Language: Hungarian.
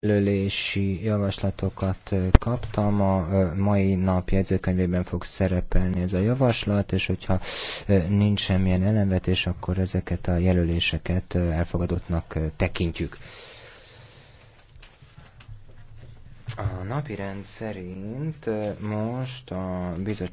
jelölési javaslatokat kaptam, a mai nap jegyzőkönyvében fog szerepelni ez a javaslat, és hogyha nincs semmilyen ellenvetés, akkor ezeket a jelöléseket elfogadottnak tekintjük. A napirend szerint most a bizottság